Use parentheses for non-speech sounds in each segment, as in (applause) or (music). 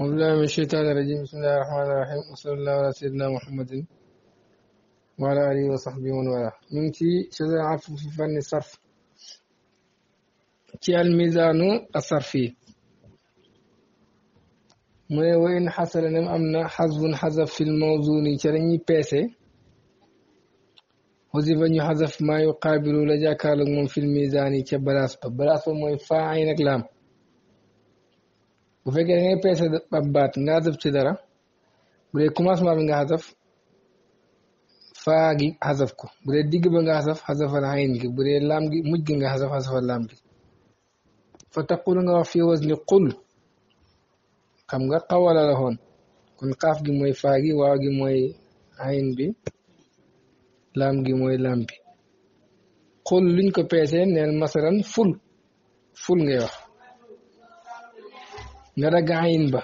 أعوذ بالله من الشيطان الرجيم بسم الله الرحمن الرحيم وصلى الله على سيدنا محمد وعلى آله وصحبه ومن والاه نمتي شذا عفو في فن الصرف كي الميزان الصرفي من وين حصل نم أمنا حذف حذف في الموزون كرني بيسي وزي فني حذف ما يقابل لجاكالك من في الميزان كبلاس بلاس موي فاعل لام bu fekkee da ngay peese ab baat nga xasaf ci dara bu dee commencement bi nga xasaf faa gi xasaf ko bu dee digg ba nga xasaf xasafal ayn gi bu dee laam gi mujj gi nga xasaf xasafal laam gi fa taqul nga wax fi wazni qul xam nga xawala la xoon kon gi mooy faa gi gi mooy ayn bi laam gi mooy laam bi qul luñ ko peesee neel masalan ful ful ngay wax nga dagg ayin ba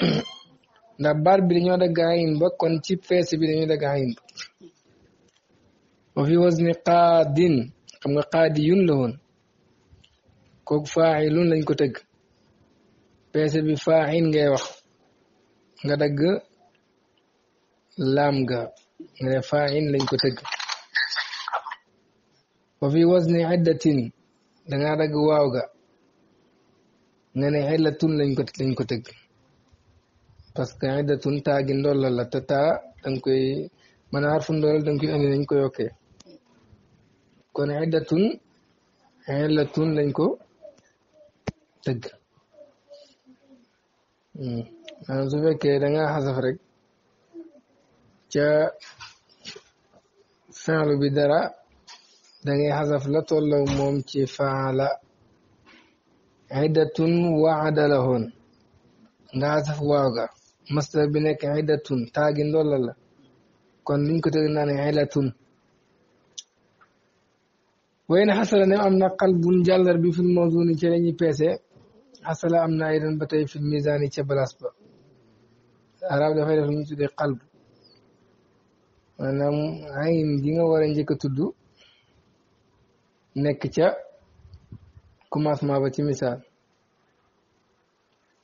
(clears throat) ndax bi dañoo dagg ayin ba kon ci fees bi dañoo dagg ayin ba wa fi wasni qaadin xam nga qaadi yun la woon kooku faailun lañ ko teg peese bi faain ngay wax nga dagg laam ga nga ne lañ ko tëgg wa fi wasni iddatin dangaa dagg waaw ga nga ne xillatun lañ ko lañ ko tëgg parce que xillatun taa gi ndollal la te taa da nga koy mën a arfu ndollal da nga koy andi nañ ko yokkee kon xillatun xillatun lañ ko tëgg hmm. maanaam su fekkee da ngaa xasaf rek ca fenlu bi dara da ngay xasaf la tollaw moom ci faala iddatun waada la hoon nga asaf waaw ga masdar bi nekk iddatun taagi ndolla la kon liñ ko tëgg naan illatun wayn xasala ne am na qalbun jàllar bi fil mawzuni ci la ñuy peese xasala am na aydan ba tey fil misaani ca balaas ba arab dafay def lu ñu tuddee qalb maanaam ayn gi nga war a njëkk nekk ca commencement ba ci misaal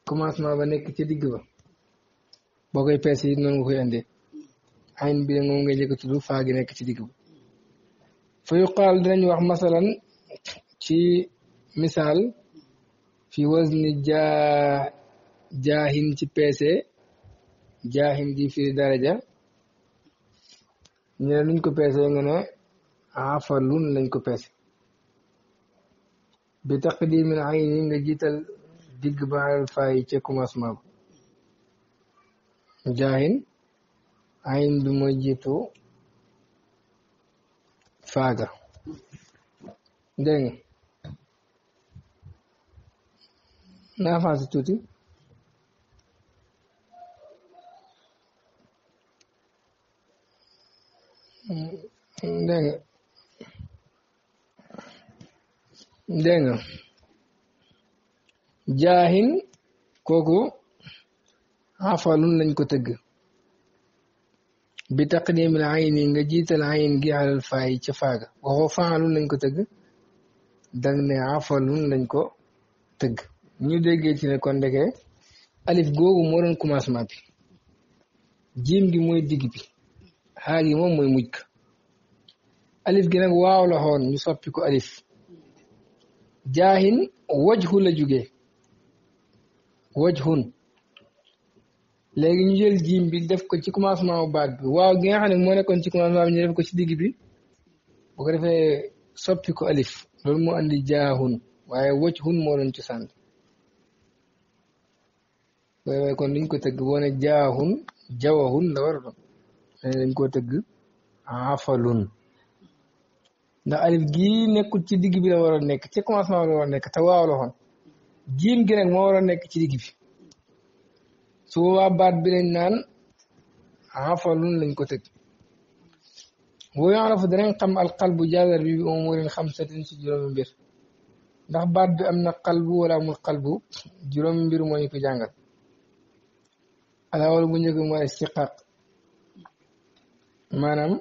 commencement ba nekk ci digg ba boo koy peese yi noonu nga koy andee ayn bi moom ngay njëkk tudd faa gi nekk ci digg ba fa yuqaal dinañ wax masalan ci misaal fi wazni jaa jaahin ci peese jaahin ji firi daraja ñu ne luñ ko peese nga ne afalun lañ ko peese بتقديم العين نجيت الدقبع الفاي تكم اسمع جاهن عين دمجيتو فاقا دين نافاز توتي دين dégg nga jaahin kooku xafalun lañ ko tëgg bi taqdimil ayn yi nga jiital ayn gi alal faay ca faaga waxoo faalun lañ ko tëgg dang ne xafalun lañ ko tëgg ñu déggee ci ne kon ndekee alif googu moo doon bi jiim gi mooy digg bi xaar moom mooy mujj ka alif gi nag waaw la xoon ñu soppi ko alif jaahin wajhu la jóge wajhun léegi ñu jël jiim bi def ko ci commencement bu baat bi waaw gi nga xam ne moo nekkoon ci commencement bi ñu def ko ci digg bi bu ko defee soppi ko alif loolu moo andi jaahun waaye wajhun moo doon cosaan booy way kon liñ ko tëgg woone jaahun jawahun la war a doon dañ koo tëgg afalun ndax alif gii nekkul ci digg bi la war nekk ci commencement la war a nekk te waaw la xoon jiim gi nag moo war a nekk ci digg bi su baat bi lañ naan afalun lañ ko tëj wooyu arafu danañ xam al qalbu jaazar bi bi umurin xamsatin si juróomi mbir ndax baat bi am na qalbu wala amul qalbu juróomi mbir moo ñu ko jàngal alaawal bu njëkk mooy istiqaaq maanaam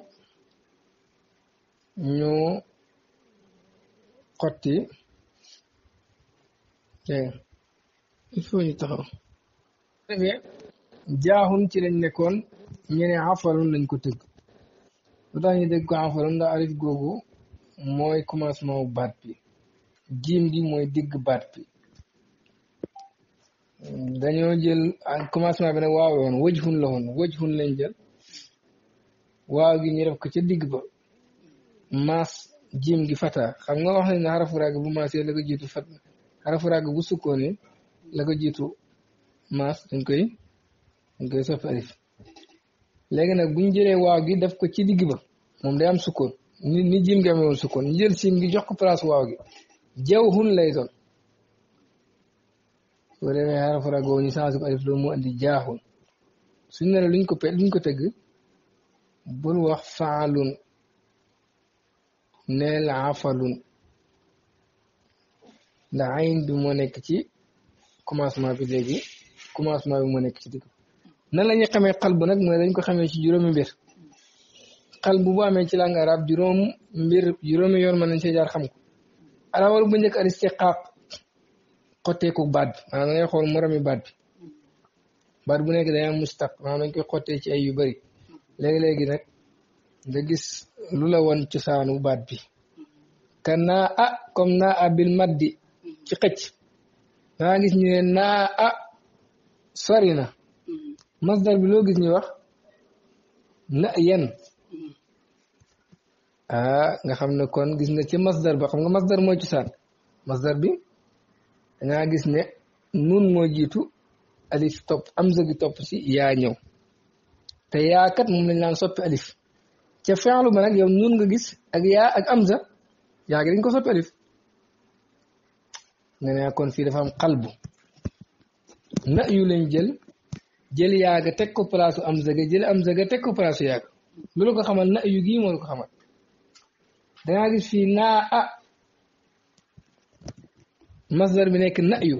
ñu xotti dégg il faut ñu taxaw defee jaaxum ci lañ nekkoon ñu ne lañ ko tëgg lu tax ñu dégg ko xafaloon ndax alif googu mooy commencement wu baat bi jiim digg baat dañoo jël commencement bi nag waaw woon wëj xun la woon wëj lañ jël waaw gi ñu def digg ba maas jim gi fata xam nga wax nañ ne xarafu ràgg bu maasee la ko jiitu fat xarafu ràgg bu sukkoone la ko jiitu maas dañ koy dañ koy soppi alif léegi nag buñ jëlee waaw gi def ko ci digg ba moom day am sukkoon ni ni jim gi amee woon sukkoon ñu jël gi jox ko place waaw gi jaw xun lay doon soo demee xarafu ràgg woo ñu changé ko alif loolu andi jaaxul suñ ne la luñ ko pe luñ ko tëgg bul wax faalun neel afalun ndax ayn bi moo nekk ci commencement bi léegi commencement bi moo nekk ci digg nan lañu ñuy xamee xalbu nag mooy dañ ko xamee ci juróomi mbir xalbu bu amee ci langue arabe juróom mbir juróomi yoon mën nañ see jaar xam ko alawal bu njëkk al istiqaaq xotteeku baat bi maanaam xool moroomi baat bi baat bu nekk day am mustaq maanaam dañ koy xottee ci ay yu bëri léegi-léegi nag nga gis lu la woon cosaanu baat bi ka naa a comme naa a bil maddi ci xëcc dangaa gis ne naa a sori na masdar bi loo gis ñu wax na yen a nga xam ne kon gis nga ci masdar ba xam nga masdar mooy cosaan masdar bi dangaa gis ne nun moo jiitu alif topp am zëgi topp si yaa ñëw te yaakat moom lañ laan soppi alif ci fi'lu ba nag yow nun nga gis ak ya ak amza ya gi dañ ko soppelif alif ne kon fi dafa am qalbu na yu lañ jël jël ya ga tek ko place amza ga jël amza ga tek ko place ya lu loolu ko xamal na yu gi mo ko xamal da nga gis fi na a masdar bi nekk na yu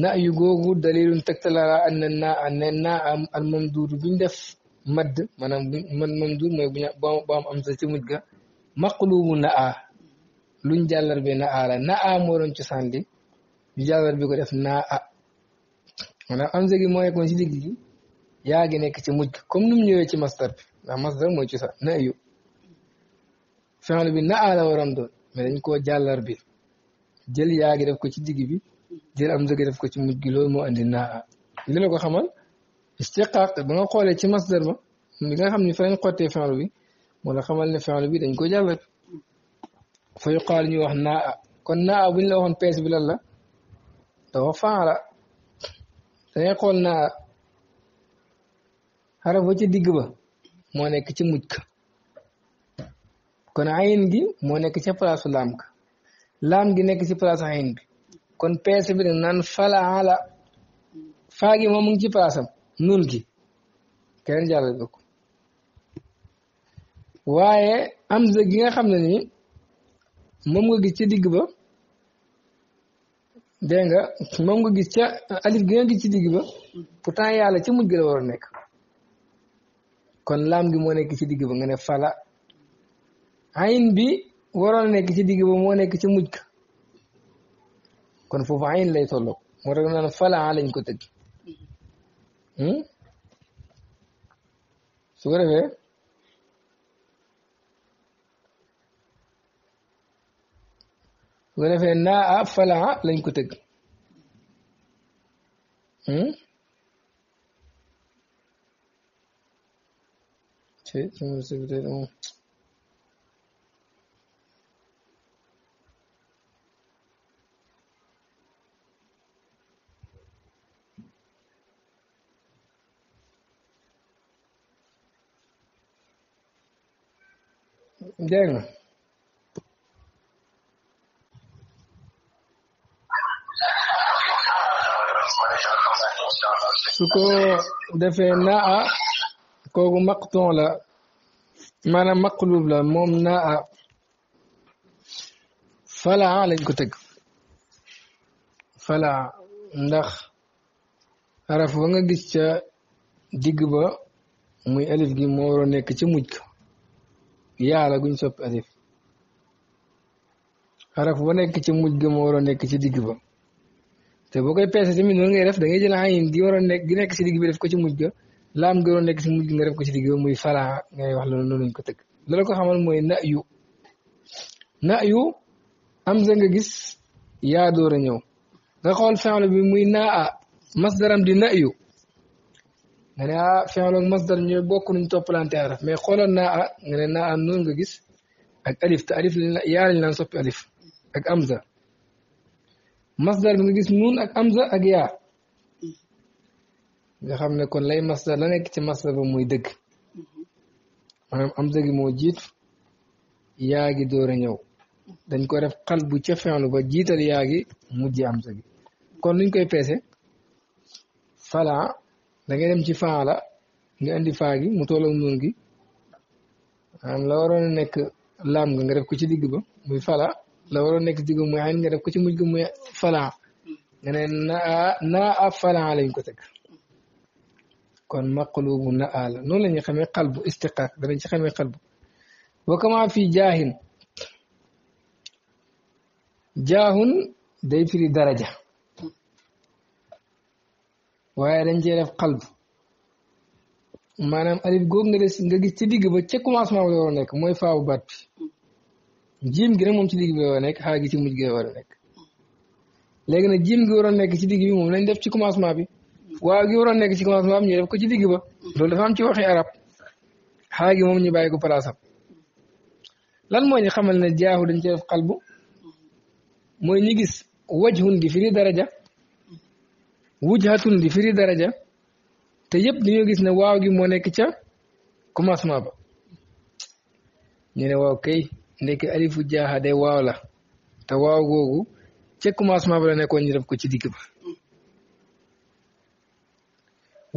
na yu googu dalilun tegtalala an na naa ne naa al mamduudu biñ def madd maanaam man mamduud mooy bu am sa ci muj ga maqlubu na a luñ jàllar bi na a la na a moo doon cosaan li ñu jàllar bi ko def na a maanaam amza gi moo ci digg gi yaa gi nekk ci mujj ga comme nu ñëwee ci masdar bi ndax mooy cosaan na yu fexlu bi na a la waroon doon mais dañ koo jàllar bi jël yaa gi def ko ci digg bi jël amza gi def ko ci muj gi loolu moo andi naa a li la ko xamal istiqaaq ba nga xoolee ci masdar ba li nga xam ni fa lañ xottee fenl bi moo la xamal ne fenl bi dañ ko jàllat fa yuqaal ñu wax naa kon naa buñ la waxoon pees bi lan la da la faala dangay xool naa xare ba ci digg ba moo nekk ci mujk kon kon ayin gi moo nekk ci palaasu laam ka laam gi nekk ci palaasu ayin bi kon pees bi dañ naan falaala faagi moom mu ngi ci palaasam nun gi keneen jàllale na ko waaye hamza gi nga xam ne ni moom nga gis ci digg ba dégg nga moom gis ca alif gi nga gis ci digg ba pourtant yàlla ca mujj la war a nekk kon laam gi moo nekk ci digg ba nga ne fala ayn bi waroon nekk ci digg ba moo nekk ca mujj ka kon foofu ayn lay tolloo moo tax fala lañ ko tëgg Hmm? su ko defee su ko defee naa a ah, falaa ah, lañ ko tëgg hmm? te dégg nga su ko defee naa kooku maqton la maanaam maqlub la moom naa falaa lañ ko teg falaa ndax araf ba gis ca digg ba muy alif gi moo war a nekk ca mujj yaala guñ soppi alif xaraf ba nekk ci muj ga moo waroon nekk ci digg ba te boo koy peese tamit noonu ngay def da ngay jël ayin gi waroon nekk gi nekk ci digg bi def ko ci mujj ga laam gi waroon nekk ci mujj nga def ko ci digg ba muy falaa ngay wax loolu noonu lañ ko tëgg loolu ko xamal mooy na yu na yu am za nga gis yaa door a ñëw nga xool fenlu bi muy naa a masdaram di na yu nga ne ah fi'l ak masdar bokk nuñ toppalante araf mais xooloon naa ah nga ne naa noonu nga gis ak alif te alif yaa lañ naan soppi alif ak amza masdar bi nga gis nuun ak amza ak yaa nga xam ne kon lay masdar la nekk ci masdar ba muy dëgg maanaam amza gi moo jiitu yaa gi a ñëw dañ ko ref xal bu ca fi'l ba jiital yaa mujj amza gi kon nuñ koy peese fala da ngay ci fa nga indi faa gi mu toll ak noonu gi maanaam la waroon a nekk laam nga nga def ko ci digg ba fala la waroon nekk ci digg muy ayn def ko ci mujj ga muy fala nga ne naa fala lañ ko teg kon maqlubu naa la noonu la ñuy xamee xalbu istiqaaq danañ ci xamee xalbu wa kama fii jaahin jaahun day firi daraja waaye dañ cee def xalb maanaam alif googu nga des nga gis ci digg ba ca commencement bi la war a nekk mooy faawu baat bi jiim gi nag moom ci digg bi la war a nekk xaa gi ci mujj gi la war a nekk léegi nag jiim gi war a nekk ci digg bi moom lañ def ci commencement bi waaw gi war a nekk ci commencement bi ñu def ko ci digg ba loolu dafa am ci waxi arab xaa gi moom ñu bàyyi ko place am lan moo ñu xamal ne jaaxu dañ ci def xalbu mooy ñu gis wajhun gi firi daraja wujhatun di firi daraja te yëpp di nga gis ne waaw gi moo nekk ca commencement ba ñu ne waaw kay ndekki alifu jaaxa de waaw la te waaw googu ca commencement ba la nekkoon ñu def ko ci digg ba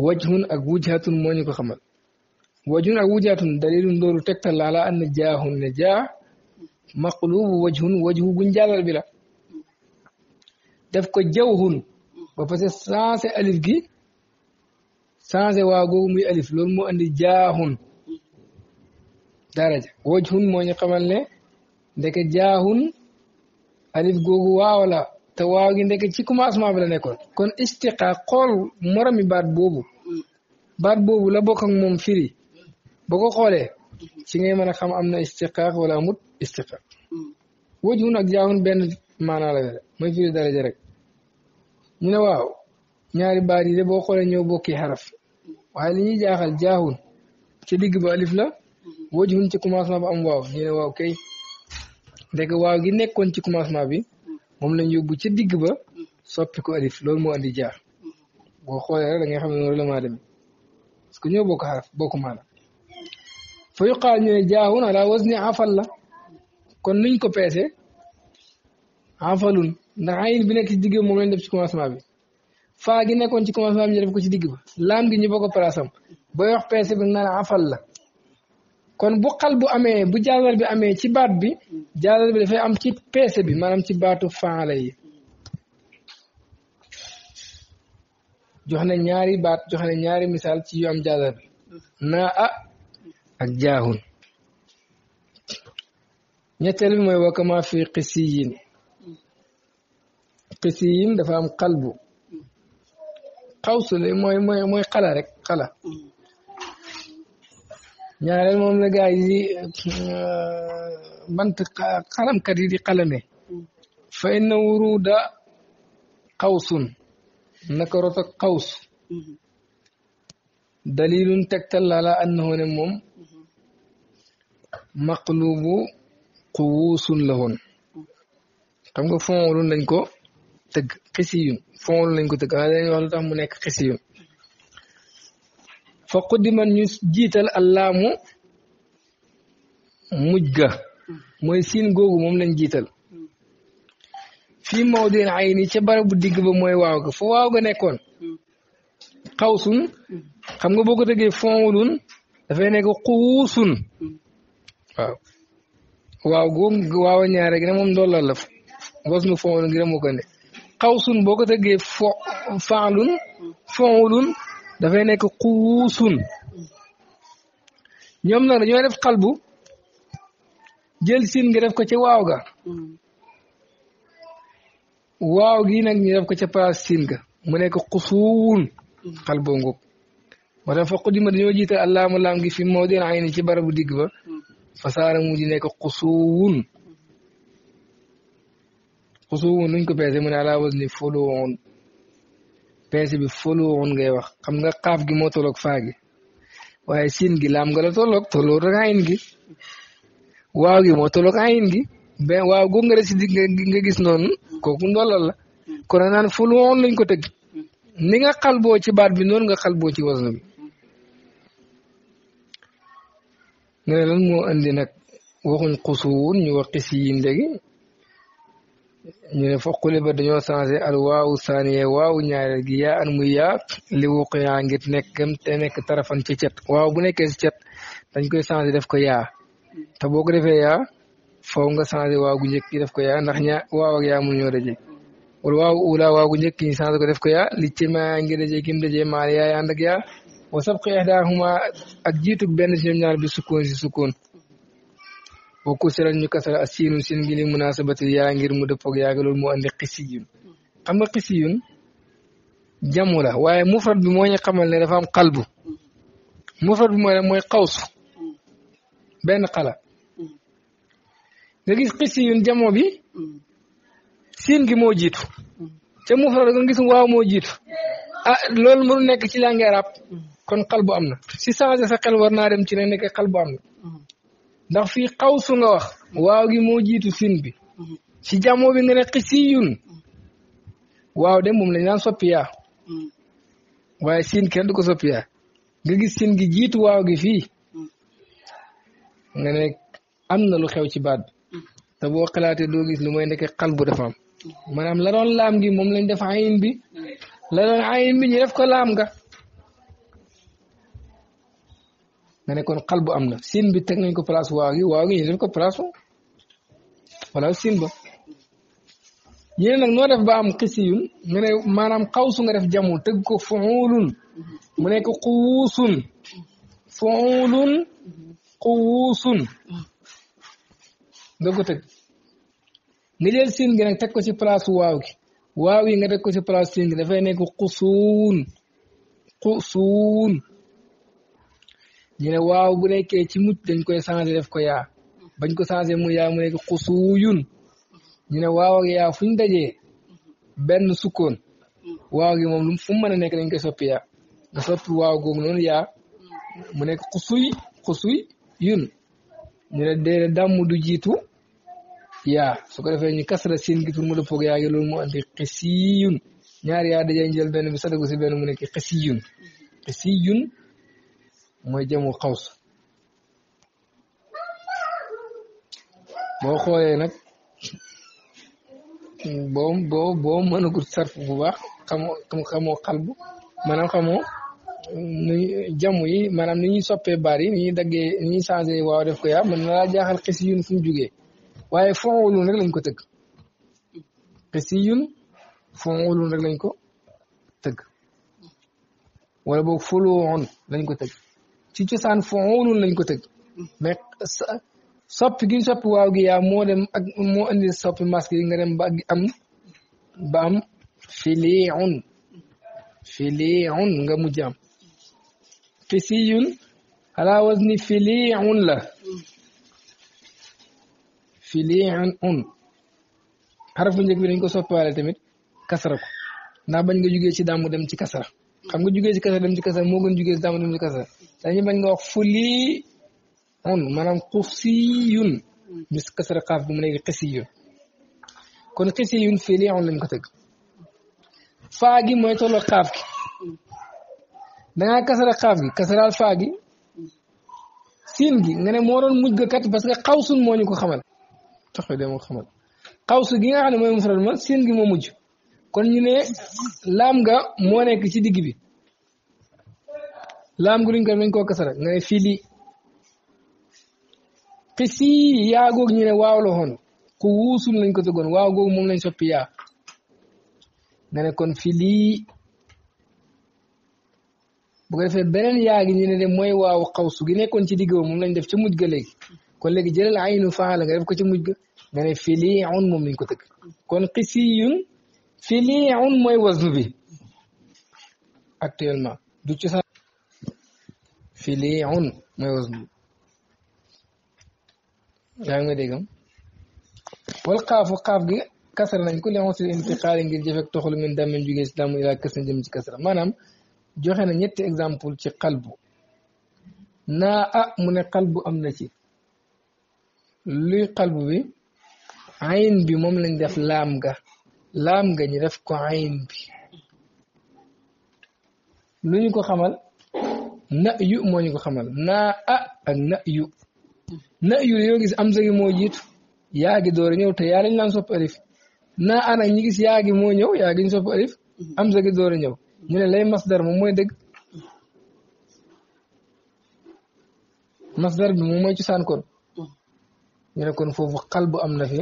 wajhun ak wujhatun moo ñu ko xamal wajhun ak wujhatun dalilun loolu tegtal laala an jaahun ne jaa maqlubu wajhun wajhu guñ jàllal bi la def ko jawhun ba pare changé alif gi changé waa googu muy alif loolu moo andi jaaxun daraja wajhun moo ñu xamal ne ndeke jaaxun alif googu waaw la te waaw gi ndeke ci commencement bi la nekkoon kon istiqaaq xool moromi baat boobu baat boobu la bokk ak firi boo ko xoolee ci ngay mën a xam am na istiqaaq wala amut istiqaaq hmm. wajhun ak jaaxun benn maanaa la were firi daraja rek ñu ne waaw ñaari baat yi de boo xoolee ñoo bokki xaraf waaye li ñuy jaaxal jaaxul ci digg ba alif la wajhun ci commencement ba am waaw ñu ne waaw kay ndek waaw gi nekkoon ci commencement bi moom lañ yóbbu ci digg ba soppi ko alif loolu moo andi jaar boo xoolee rek da ngay xam ne noonu la maa demee parce que ñoo bokk xaraf bokk maana fa yuqaal ñu ne jaaxun ala wazni afal la kon nuñ ko peese afalun ndax ayin bi nekk ci digg moom lañ def ci commencement bi faa gi nekkoon ci commencement bi ñu def ko ci digg ba laam gi ñu bokk ko palaasam booy peese bi naan afal la kon bu xal bu amee bu jàllal bi amee ci baat bi jàllal bi dafay am ci peese bi maanaam ci baatu faala yi jox na ñaari baat jox na ñaari misaal ci yu am jàllal bi naa a ak jaahun ñetteel bi mooy wakama fi qisiyin xisiyin dafa am xalbu xawsu la mooy mooy mooy xala rek xala moom la gaa yi euh, bant xalamkat yi di xalame fa inna wuruda xawsun naka rota xaws dalilun tegtal lala annahu ne moom maqlubu quwusun la woon xam nga fonolun lañ ko tëgg xisiyun fool lañ ko tëgg waaye mu nekk xisiyun fa quddiman ñu jiital allaamu muj ga mooy siin googu moom lañ jiital fii mawdin ay ni ca barabu digg ba mooy waaw ga fa waaw ga nekkoon xawsun xam nga boo ko tëggee fonwulun dafay nekk xuusun waaw googu waaw a ñaare gi ne moom ndollal la wasnu fonwulun gi ne moo ko kaw sun boo ko tëggee fo faalun foolun dafay nekk xuusun ñoom nag dañoo def xalbu jël siin nga def ko ca waaw ga waaw gi nag ñu def ko ca place siin ga mu nekk xusuwun xal boo ngóob moo tax fa qudima dañoo jiite allaamu laam gi fi moo deen ay ni ci barabu digg ba mm. fasaara mu ne nekk xusuwun xusubu nuñ ko peese mu ne ala was ni foloon peese bi foloon ngay wax xam nga xaaf gi moo tolloog faa waaye siin gi laam nga la tolloog tolloog rek ayin gi waaw gi moo tolloog ayin gi ben waaw gu nga si dig nga gis noon kooku ndollal la kon naan foloon lañ ko tëgg ni nga xalboo ci baat bi noonu nga xal boo ci wasna bi nga ne lan moo andi nag waxuñ xusuwun ñu wax xisiyin léegi ñu ne fa xule ba dañoo changé al waawu saaniye waawu ñaareel gi yaa an muy yaa li wuqiyaa ngir nekk gëm te nekk tarafan ci cet waaw bu nekkee ci cet dañ koy changé def ko ya te boo ko defee yaa faw nga changé waaw gu njëkk def ko yaa ndax ñaa waaw ak yaa mënuñoo daje wala waawu uula waaw gu njëkk yi changé ko def ko yaa li ci maa ngi daje kim ya maa yaa ànd ak yaa wa sabqi ihdaahuma ak jiitu benn si ñoom ñaar bi si sukkoon wa kusiran ñu kasal ak siinu sin gi li munasabati yaa ngir mu dëppoog yaaga loolu moo andi xisiyun xam nga xisiyun jamu la waaye mufrad bi moo ñu xamal ne dafa am xalbu mufrad bi mooy lan mooy xawsu benn xala nga gis xisiyun jamo bi siin gi moo jiitu ca mufrad nga gis waaw moo jiitu ah loolu mënu nekk ci langue arab kon xalbu am na si changé sa xel war naa dem ci ne nekk xalbu am na ndax fii xawsu nga wax waaw gi moo jiitu sin bi ci jàmmoo bi nga ne xisiyun waaw de moom lañ daan soppiyaa waaye siin kenn du ko soppiyaa nga gis sin gi jiitu waaw gi fii nga ne am na lu xew ci baat te boo xalaatee doo gis lu may nekk xal bu dafa am maanaam la laam gi moom lañ def ayin bi la doon ayin bi ñu def ko laam nga nga ne kon xal bu am na sin bi teg nañ ko place waaw gi waaw ko place wala sin ba ñu ne noo def ba am xisiyun nga ne maanaam xawsu nga def jamu teg ko fuulun mu nekk xuwuusun fuulun xuwuusun nga ko tëgg nga gi nag teg ko si place waaw gi waaw yi nga teg ko si place sin gi dafay nekk xusuun xusuun ñu ne waaw bu nekk ci mucc dañ koy changé def ko yaa bañ ko changé mu yaa mu nekk yun ñu ne waaw yaa fuñ dajee benn sukkoon waaw gi moom lu fu mu mën a nekk dañ koy soppi yaa nga soppi waaw googu noonu yaa mu nekk xusuy xusuy yun ñu ne déedéet dàmm du jiitu yaa su ko defee ñu kasra siin gi pour mu dëppoog yaa ngi loolu moo andi xisiyun ñaari yaa dajee njël benn bi sadagu si benn mu nekk xisiyun xisiyun mooy jamu xaws boo xoolee nag boo boo boo mënagut sarf bu baax xamoo xamoo xalbu maanaam xamoo nu jamu yi maanaam ni ñuy soppee baar yi ni ñuy daggee ni ñuy changé waaw def ko yaa mën na laa jaaxal xis yun fu mu jugee waaye fonwulun rek lañ ko tëgg xis yun fonwulun rek lañ ko tëgg wala boog foloon lañ ko tëgg ci cosaan fuulun lañ ko teg mais soppi gi gi yaa moo dem ak moo indi soppi masque yi nga dem ba am ba am filiun filiun nga mujj am fisiyun ni wazni filiun la filiun xarafu njëkk bi dañ ko soppiwaale tamit kasara ko ndax bañ nga jugee ci daamu dem ci kasara xam nga jugee ci kasara dem ci kasara moo gën jugee ci daamu dem ci kasara dañu bañ nga wax fuli un maanaam xuuf si yun mm. kasara xaaf bu mu nekk xisi yun kon xisi yun fii lii on lañ ko tëgg faa gi mooy tolloo xaaf gi mm. dangaa kasara xaaf gi kasaraal faa gi mm. siin gi nga ne moo doon mujj ga kat parce que xawsun moo ñu ko xamal taxu de moo ko xamal xawsu gi nga xam ne mooy mufrad ma siin gi moo mujj kon ñu ne laam ga moo nekk ci digg bi laam gu luñ ko dañ koo kasara nga ne fii li xisi yaa googu ñu ne waaw la xoon ku wuusul lañ ko tegoon waaw googu moom lañ soppi yaa nga ne kon fii lii bu ko beneen yaa gi ñu de mooy waaw xawsu gi nekkoon ci diggoo moom lañ def ci mujj ga léegi kon léegi jëlal aynu faala nga def ko ci mujj nga ne fii lii moom lañ ko tëgg kon xisi yun fii lii un mooy wasnu bi actuellement filiun mooy wasnu yaa ngi may déggam wal xaafu xaaf gi kasara nañ ku leon si intiqaali ngir jëfek toxlu min dammen jógee si damm ilaa kës na jëm ci kasara maanaam joxe na ñetti exemple ci xalbu naa ah mu ne am na ci luy xalbu bi ayn bi moom lañ def laam ga laam ga ñu def ko ayn bi lu ko xamal na yu moo ñu ko xamal naa ah ak na yu na yu yoo gis am sagi moo jiitu yaa ñëw te yaa lañ laan sopp alif naa ah nag ñi gis yaa gi moo ñëw yaa gi sopp alif am sagi door a ñëw ñu ne lay masdar moom mooy dëgg masdar bi moom mooy cosaan kon ñu kon foofu xal am na fi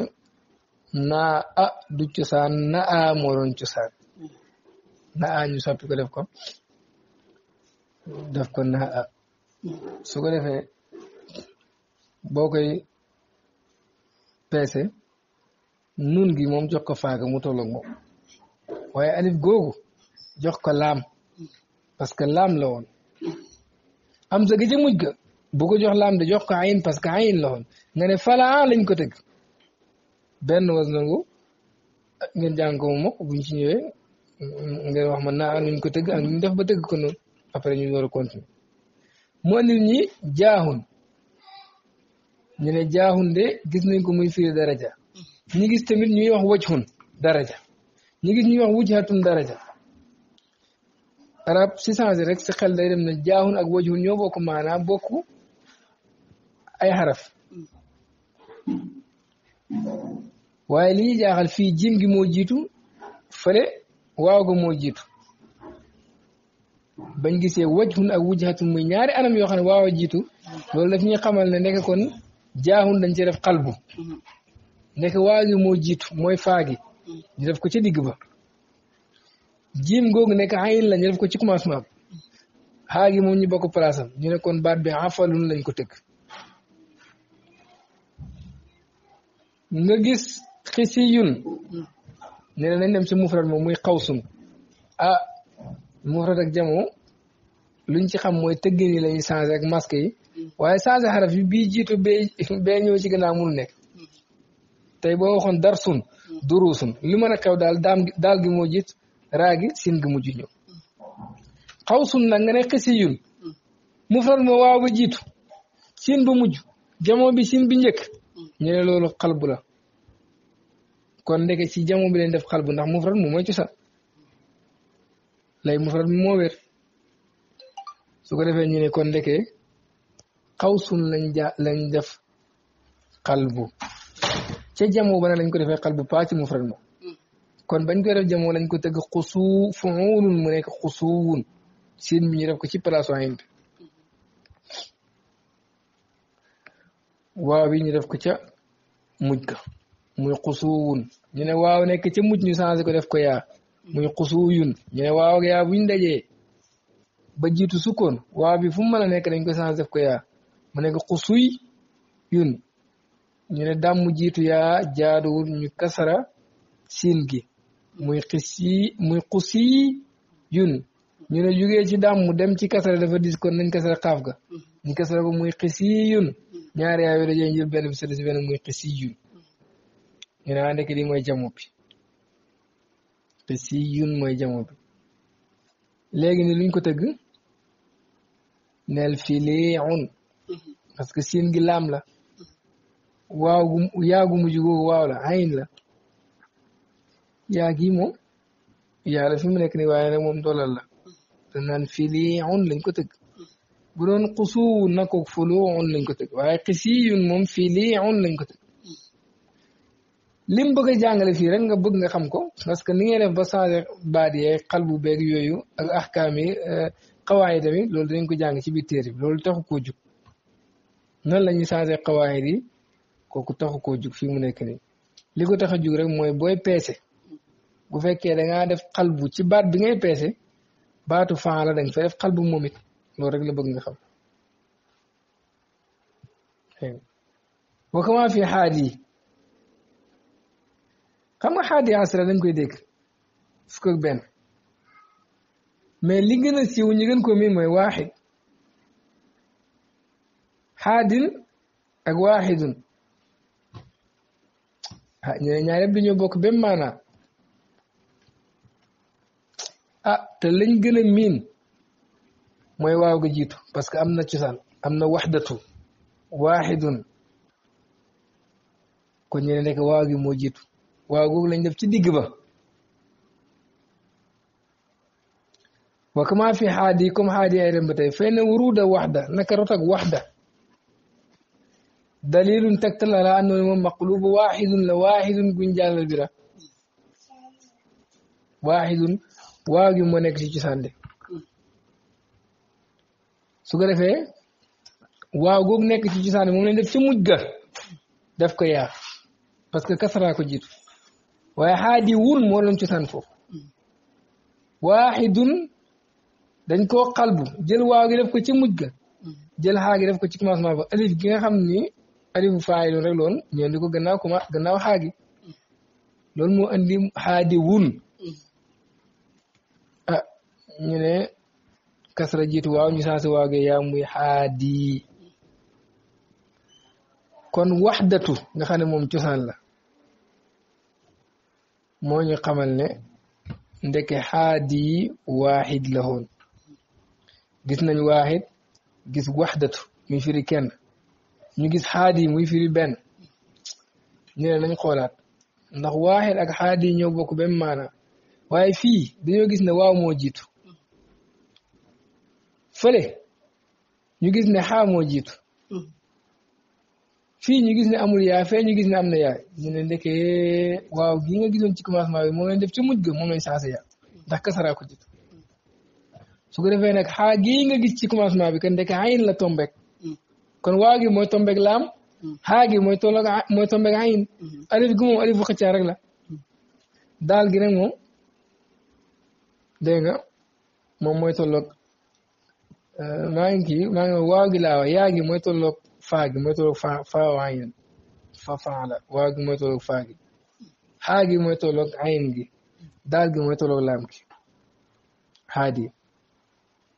naa ah du cosaan na a moo doon cosaan na a ñu soppi ko def ko def kon naa ah, su ko defe boo koy peese nun gi moom jox ko faaga mu tolloog moom waaye alif googu jox ko laam parce que laam la woon am sa gi ca ga bu ko jox laam de jox ko ayin parce que ayin la woon nga ne falaa lañ ko teg benn was nangu ah, ngeen jàng gu mu mokk ci ñëwee ngeen wax man naa nuñ ko tëgg ak ñu def ba tëgg ko après ñu door a continuer mu andil ñi jaaxun ñu ne jaaxun de gis nañ ko muy firi daraja ñu tamit ñuy wax wajhun daraja ñu gis ñuy wax wujhatun daraja arab si changé rek si xel de dem ne jaaxun ak wajhun ñoo bokk maanaam bokk ay xaraf waaye li ñuy jaaxal fii jiim gi moo jiitu fële waaw ga bañ gisee wajhun ak wujhatun muy ñaari anam yoo xam ne waaw jiitu loolu daf ñuy xamal ne nekk kon jaaxun dañ ci def xalbu nekk waa gi moo mooy faagi ñu def ko ci digg ba jiim googu nekk ayin la ñu def ko ci commencement xaagi xaa moom ñu bokk place ñu ne kon baat bi afalun lañ ko tëgg nga gis xisiyun mm. ne nañ dem ci mufrad moom muy xawsun ah mufrad ak jamoo luñ ci xam mooy tëggin yi lañuy changé rek masque yi waaye changé xaraf yi bii jiitu bee bee ñëw ci gannaaw mënul nekk tey boo waxoon dar sun duru sun li mën a kaw daal daal gi moo jiit raa gi sin gi mujj ñëw xaw sun nag nga ne xisi yun mufrad moo waaw ba jiitu sin ba mujj jamoo bi sin bi njëkk ñu ne loolu xalbu la kon ndeke ci jamoo bi lañ def xalbu ndax mufrad moom mooy cosaan lay mufrad bi moo wér su ko defee ñu ne kon ndeke xawsun lañ ja lañ def xalbu ca jamoo ba lañ ko defee xalbu paa ci mufrad moo kon bañ koy def jamoo lañ ko tëgg xusuu fuulun mu nekk xusuwun siin bi ñu def ko ci place ayin waaw bi ñu def ko ca mujj ka muy xusuwun ñu ne waaw nekk ca mujj ñu changé ko def ko yaa muy xusuuyun ñu ne waaw ak yaa buñ dajee ba jiitu sukkoon waaw bi fu mu mën a nekk dañ koy sens def ko yaa mu nekk xusuy yun ñu ne dàmm jiitu yaa jaaduwul ñu kasara siin gi muy xisi muy xusi yun ñu ne jugee ci dàmm dem ci kasara dafa dis kon nañ kasara xaaf ga ñu kasara ko muy xisi yun ñaari yaa wi dajee njël benn bi sëdd si benn muy xisi yun ñu ne ànd ak lii mooy jamono bi te si yun mooy jamo bi léegi ni luñ ko tëgg neel filiun parce que siin gi laam la waaw gu yaagu mujj googu waaw la ayin la yaa gi moom yaa la fi mu nekk ni waaye nag moom doolal la te naan filiun lañ ko tëgg bu na ko fuluun lañ ko tëgg waaye xisiyun moom filiun lañ ko tëgg lim bëgg a jàngale fii rek nga bëgg nga xam ko parce que ni ngay def ba changé baat yee xal bu beeg yooyu ak axkaam yi euh, xawaay tamit loolu dinañ ko jàng ci biir téere bi loolu taxu koo jug nan la ñuy changé xawaay yi kooku taxu koo jug fii mu nekk nii li ko tax a jug rek mooy booy peese bu fekkee da ngaa def xal bu ci baat bi ngay peese baatu faala da nga fa def xal bu moom it loolu rek la bëgg nga xam wa kama fi xaal xam nga xaadi asra dañ koy dégg fukk ak benn mais li gën a siiw ñu gën ko miin mooy waaxid xaadin ak waaxidun ah ñu ne ñaar yëpp dañoo bokk benn maanaa ah te lañ gën a miin mooy waaw ga jiitu parce que am na cosaan am na waxdatu waaxidun kon ñu ne nekk moo jiitu waaw googu lañ def ci digg ba wa kama fi xaadi comme xaadi ay ren ba na wuruda waxda naka rot ak waxda dalilun tegtal ala andoona moom maqlubu waaxidun la waaxidun guñ jàllal bira waaxidun waaw gi moo nekk ci ci sànde su ko defee waaw googu nekk ci ci sànde moom lañ def ci mujj def ko yaa parce que kasaraa waaye xaadi wun moo doon cosaan foofu waaxidun dañ koo xalbu jël waaw gi def ko ci muj ga jël xaa gi def ko ci commencement ba alif gi nga xam ni alifu faayilun rek loon ñoo ko gannaaw kuma gannaaw xaa loolu moo andi xaadi wun ah ñu ne kasra jiitu waaw ñu saasi waaw gi yaa muy xaadi kon waxdatu nga xam ne moom cosaan la moo ñu xamal ne ndeke xaadi yi waaxid la woon gis nañ waaxid gis waxdatu muy firi kenn ñu gis xaadi yi muy firi benn ñu ne nañ xoolaat ndax waaxid ak xaadi yi ñoo bokk benn maana waaye fii dañoo gis ne waaw moo jiitu fële ñu gis ne xaa moo jiitu fii ñu gis ne amul yaa fee ñu gis ne am na yaa ñu ne ndekkee waaw gii nga gisoon ci commencement bi moo lañ def ci mujj ga moom lañ changé yaa ndax kasaraa ko jiitu su ko defee nag xaa gii nga gis ci commencement bi kan ndekkee ayin la tombek kon waaw gi mooy tombek laam xaa gi mooy tolloog mooy tombek ayin alif gi moom alifu xëccaa rek la daal gi nag moom dégg nga moom mooy tolloog euh, maa ngi kii maa ngi waaw gi laa wax yaa gi faa gi mooy tolloog faa faa waa ayin fa faala waa gi mooy tolloog faa gi xaa gi mooy gi daal gi mooy tolloog laam gi haadi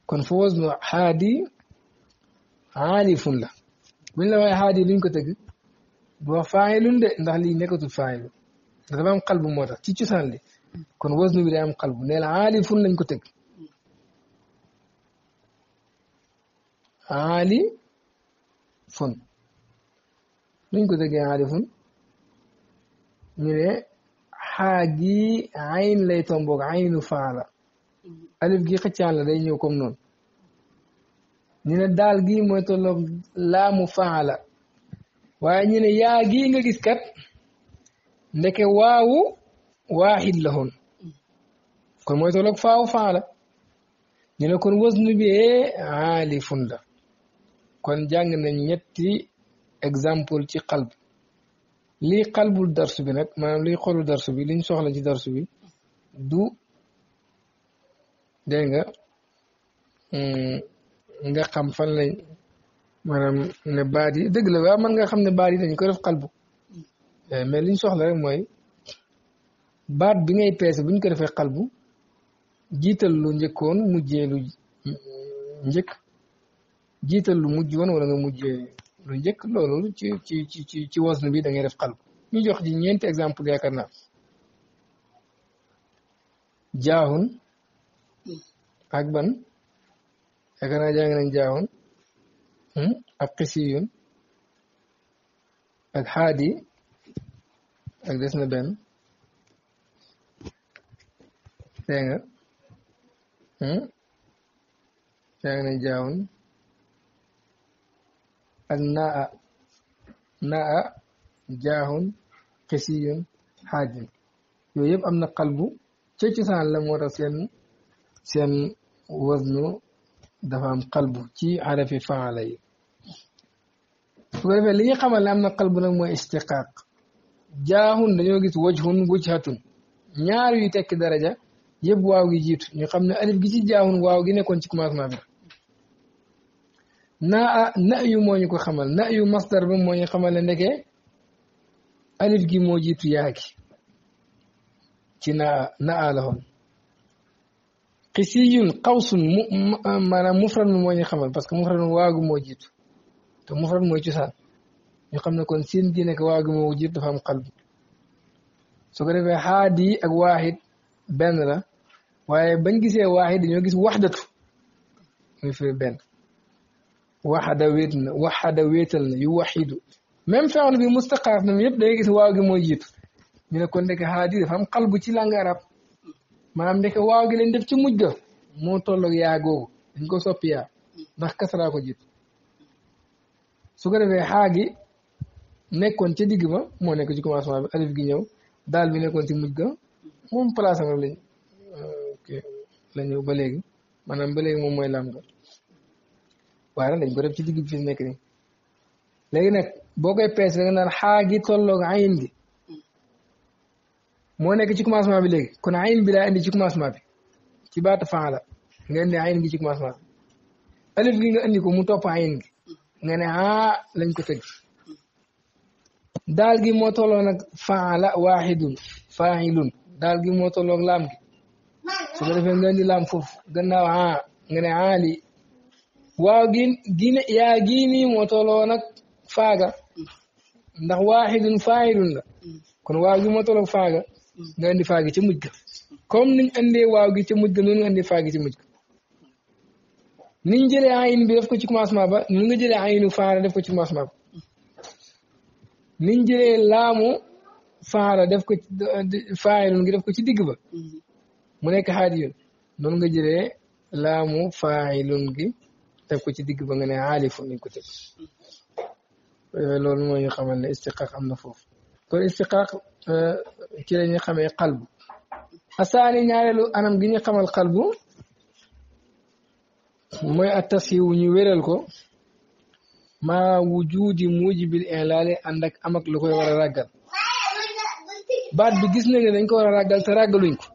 kon fo wasnu haadi aalifun la buñ la waxee haadi luñ ko tëgg du wax faayilun de ndax lii nekkatul faayilu ndax dafa am xalbu moo tax ci cosaan li kon bi day am xalbu neel aalifun lañ ko tëgg fon nuñ ko déggee aarifun ñu ne xaa gi ayn lay tomboog aynu faala alif gi xëccaan la day ñëw comme noonu ñu ne daal gi mooy tolloog laamu faala waaye ñu gi nga gis kat ndeke waawu waaxid la hoon kon mooy tolloog faawu faala ñu ne kon wasnu bi aalifun la kon jàng nañ ñetti exemple ci xalb lii xalbul darsu bi nag maanaam liy xolu darsu bi liñ soxla ci darsu bi du dégg nga mm, nga xam fan lañ maanaam ne baat yi dëgg la waaw man nga xam ne baat yi dañ ko def xalbu eh, mais liñ soxla rek mooy baat bi ngay peese buñ ko defee xalbu jiital lu njëkkoon mujjee lu mm, njëkk jiital lu mujj won wala nga mujjee lu njëkk loolu ci ci ci ci ci wasnu bi da ngay def xal ñu jox ji ñent exemple yaakaar jaahun ak ban yaakaar naa nañ jaahun ak qisiyun ak hadi ak desna ben benn hmm nga nañ jaahun ak naa naa jaaxun xisiyun xaajun yooyu yëpp am na xalbu ca cosaan la moo tax seen seen wasnu dafa am xalbu ci xarafi faala yi su ko defee li ñu xamal ne am na xalbu nag mooy istiqaaq jaaxun dañoo gis wajhun wujhatun ñaar yu tekki daraja yëpp waaw gi jiitu ñu xam ne alif gi ci jaaxun waaw gi nekkoon ci commencement bi نا نا ان مو نكو خمال نا يو مصدر بم مو نكو خمال نكو أنيف جي مو جيتو ياكي تي نا نا لهم قسي قوس مانا مفرن مو نكو خمال بس مفرن واغو مو جيتو تو مفرن مو جيتو سان نيو خمنا كون سين دي نكو واغو مو جيتو فهم قلب سو كده في حادي اك واحد بن لا واي بن واحد نيو غيس وحدتو مي waxada wéetal na waxada wéetal na yu waxidu même fexlu bi mustaqaaf nam yëpp day gis waaw gi mooy jiitu ñu ne kon ndeke haadi dafa am xalbu ci langue arab maanaam ndeke waaw def ci mujj ga moo tolloog yaa googu ko soppi yaa ndax kasaraa ko jiitu su ko defee xaa gi nekkoon ca digg ba moo nekk ci commencement bi alif gi ñëw daal bi nekkoon ci mujj ga moom place am rek lañ euh, lañu ba léegi maanaam ba léegi lam ga waaye nag dañ ko ci digg bi fi nekk nii léegi nag boo koy pees da nga naan xaa gi tolloog ayin gi moo nekk ci commencement bi léegi kon ayin bi laa ci commencement bi ci baata fan la nga indi ayin gi ci commencement bi alif gi nga indi ko mu topp ayin gi nga ne ah lañ ko tëgg daal gi moo tolloo nag faala waaxidun failun daal gi moo tolloog laam gi su ko defee nga indi laam foofu gannaaw ah nga ne aali waaw gi gi yaa gi nii moo tolloo nag faaga ndax waaxidun faayidun la kon waaw gi moo faaga nga indi faa gi ca mujj ga comme niñ indee waaw gi ca mujj ga noonu nga indee faa gi ca mujj ga niñ jëlee ayin bi def ko ci commencement ba nu nga jëlee ayinu faara def ko ci commencement ba niñ jëlee laamu faara def ko ci faayidun gi def ko ci digg ba mm-hmm. mu nekk xaadi yoon noonu nga jële laamu faayilun gi def ko ci digg ba nga ne xaalifu ni ko teg loolu moo ñu xamal ne istiqaaq am na foofu kon istiqaaq ci la ñuy xamee xalbu asaani ñaareelu anam gi ñu xamal xalbu mooy at tasxiwu ñu wéral ko maa wujudi mujibil inlaali ànd ak am ak lu koy war a ràggal baat bi gis nañ ne dañ ko war a ràggal te ràggaluñ ko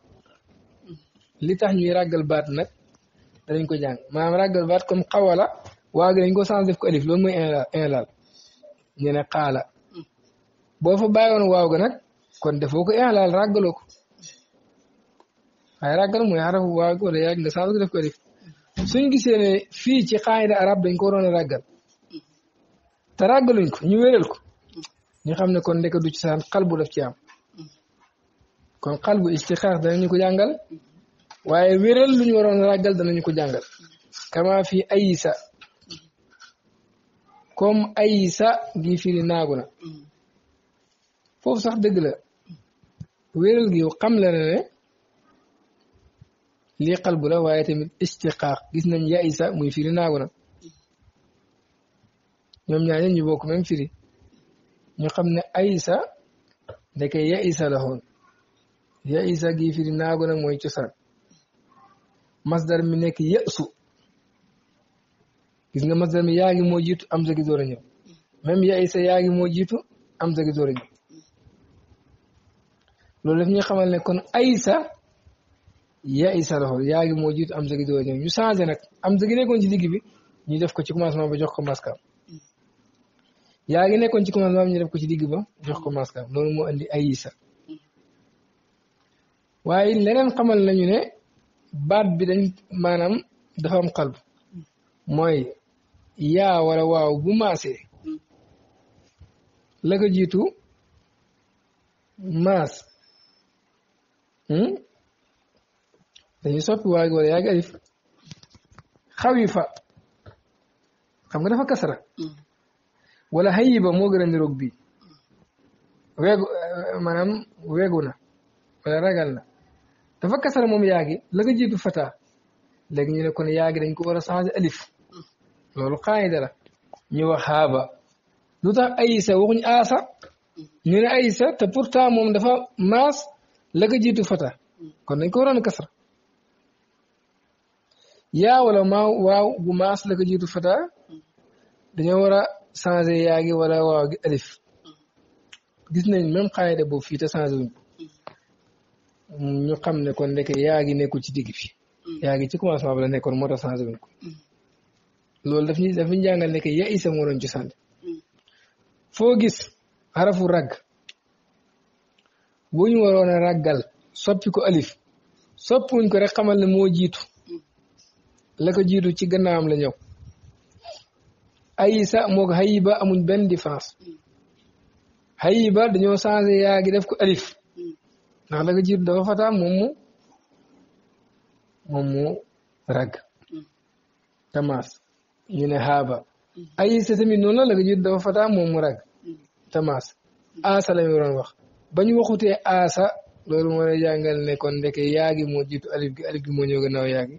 li tax ñuy ràggal baat nag dañ ko jàng maanaam ràggal baat comme xawala waagi dañ ko sens def ko alif loolu mooy inlaal ñu ne xaala boo fa bàyyoon waaw ga nag kon defoo ko inlaal ràggaloo ko waaye ràggal mooy xarafu waaw wala yaag nga sens def ko alif suñ gisee ne fii ci xaayida arab dañ ko waroon a ràggal te ràggaluñ ko ñu wéral ko ñu xam ne kon ndeke du ci saan xalbu daf ci am kon xalbu istixaar danañu ko jàngal waaye wéral lu ñu waroon ràggal danañu ko jàngal kama fi aysa comme aysa gi firi naagu na foofu sax dëgg la wéral gi xam la ne lii qalbu la waaye tamit istiqaaq gis nañ ya isa muy firi naagu na ñoom ñaar ñu bokk même firi ñu xam ne aysa ndeke ya isa la xoon ya isa gi firi naagu na mooy cosaan masdar mi nekk yësu gis nga masdar mi yaa ngi moo jiitu am sa gi door a ñëw même yaisa yaa ngi moo jiitu am sa loolu daf ñuy xamal ne kon aysa yaisa la xool moo jiitu am sa gi door a ñëw ñu changé nag am sa ci digg bi ñu def ko ci commencement ba jox ko maskam yaa ngi nekkoon ci commencement ñu def ko ci digg ba jox ko maskam loolu moo andi ayisa waaye leneen xamal nañu ne baat bi dañ maanaam dafa am xalb mooy yaa wala waaw bu maasee la ko jiitu maas hmm? dañuy soppi waa gi wala gi alif xawifa xam nga dafa kasara wala xayiba moo gën a niroog bii weegu na wala ragal na dafa kasara moom yaagi la nga jiitu fata léegi ñu ne kon yaagi dañ ko war a changé alif loolu xaayida la ñu wax lu tax ayisa waxuñ aasa ñu ne ayisa te pourtant moom dafa maas la nga jiitu fata kon dañ ko waroon a kasara yaa wala maa waaw bu maas la nga jiitu fata dañoo war a changé yaagi wala waaw gi alif gis nañ même xaayida boobu fii ta changé wuñ ñu xam ne kon ndeke yaa ngi nekku ci digg fi mm. yaa ngi ci commencement bi la nekkoon moo tax changé ko mm. daf ñuy daf ñu jàngal ne que ya isa moo doon ci sant mm. foo gis xarafu ragg bu ñu waroon a raggal soppi ko alif soppi wuñ ko rek xamal ne moo jiitu la ko jiitu ci gannaawam la ñëw ayisa moog amuñ benn différence xayiba dañoo changé yaa ngi def ko alif ndax la ko jiitu dafa fataa moom mu rag tamaas ñu ne haaba ay sa tamit noonu la la ko jiitu dafa fataa moom mu rag tamaas aasa la ñu waroon wax ba ñu waxutee aasa loolu moo lay jàngal ne kon ndeke yaagi moo jiitu alif gi alif gi moo ñëw gannaaw yaagi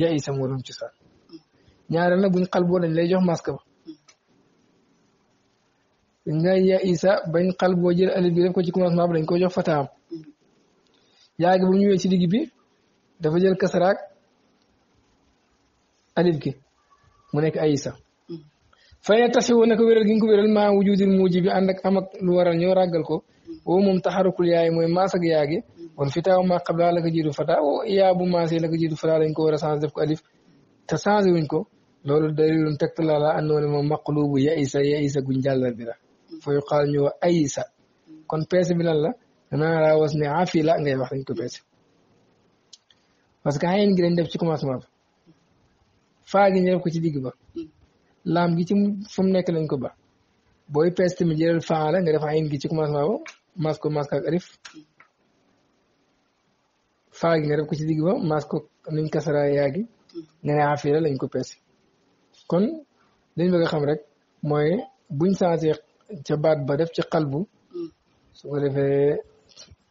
yaay sa moo doon cosaan ñaareel xal boo dañ lay jox masque ba nga ya isa bañ xal boo jël alif bi def ko ci commencement ba dañ ko jox fataam yaa gi bu ñëwee ci digg bi dafa jël kasaraak alif gi mu nekk ayisa fayna tasi woo nako wéral gi nga ko wéral maa wujudil muuji bi ànd ak am lu waral ñoo ràggal ko woo moom taxarukul yaay mooy maas ak yaa gi wala fitaaw maa xablaa la ko jiitu fataa woo yaa bu la ko jiitu fataa lañ ko war a changé def ko alif te changé wuñ ko loolu dalilun tegta laalaa andoona moom maqlubu ya isa ya isa guñ jàllal bi la fa ayisa kon peese bi lan la danaa ala was ne afila ngay wax dañ ko peese parce que ayin dañ def ci commencement ba faa gi def ko ci digg ba laam gi ci fu mu nekk lañ ko ba booy pees tamit jëlal faa la nga def ayin gi ci commencement ba mas ko mas ak alif faa gi nga def ko ci digg ba mas ko nuñ kasara yaa gi nga ne afila lañ ko peese kon dañ bëgg a xam rek mooy buñ changé ca baat ba def ci xalbu su defee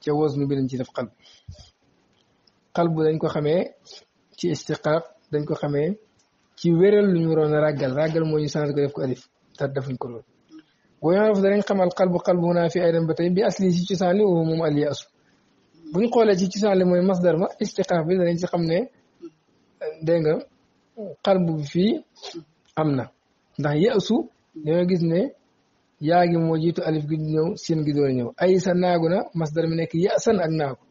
ca wasnu bi lañ ci def qalb qalbu dañ ko xamee ci istiqaaq dañ ko xamee ci wéral lu ñu waroon a ràggal ràggal moo ñu change ko def ko alif te defuñ ko loolu boo yoon danañ xamal qalbu qalbu naa fi aydan ba tey bi asli ci cosaan li woo moom al asu buñ xoolee ci cosaan li mooy masdar ma istiqaaq bi danañ ci xam ne dégg nga qalbu bi fii am na ndax yaasu dañoo gis ne yaagi gi moo jiitu alif gi di ñëw sin gi doon ñëw ay sa naagu na masdar mi nekk yasan ak naagu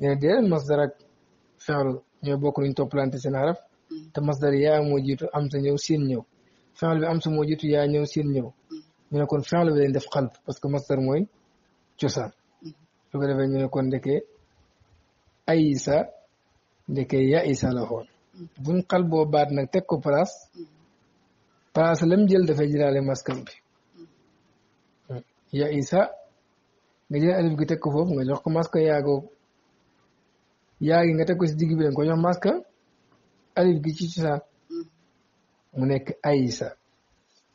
ñene déen masdar ak fenlu ñooy bokk nuñ toppalante seen araf te masdar yaa moo jiitu am sa ñëw sin ñëw fenlu bi am sa moo jiitu yaa ñëw sin ñëw ñu ne kon fenlu bi leen def xalb parce que masdar mooy cosaan su ko defee ñu ne kon ndekee ay sa ndekee yaa isa la xoon buñ xal baat nag teg ko place place lam jël dafay jëlaale maskan bi ya isa nga jël alif gi teg ko foofu nga jox ko maska yaagoo yaa gi nga teg ko si digg bi danga ko jox maska alif gi ci cosaan mu nekk ayisa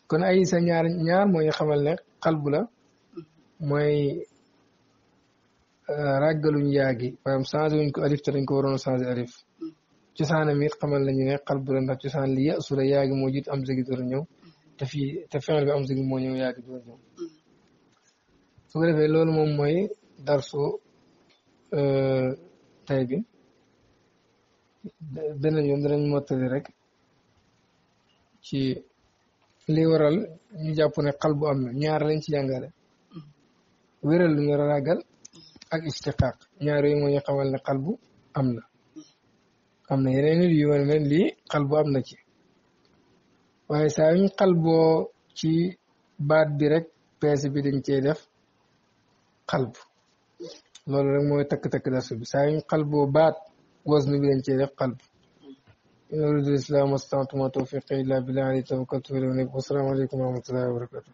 kon ayisa ñaar ñaar mooy xamal ne xalbu la mooy euh, ràggaluñ yaa gi maanaam changé wuñ ko alif te dañ ko waroon changé alif cosaanam it xamal nañu ne xalbu la ndax cosaan li ya su la moo jiit am zëgi door ñëw te fii te am zëgi moo ñëw yaa su ko defee loolu moom mooy darsu euh, tay bi beneen yoon danañ mottali rek ci li waral ñu jàpp ne xal bu am na ñaar lañ ci jàngale wéral lu ñu ragal ak istiqaaq ñaar yooyu moo ñu xamal ne xal am na am na yeneen nit li wane xal bu am na ci waaye saa yuñ xal boo ci baat bi rek peese bi dañ cee def قلب لول رك موي تك تك داس بي ساي قلب بات وزن بي لنجي ديف قلب ان الاسلام استنط ما توفيق بالله توكلت عليه والسلام عليكم ورحمه الله وبركاته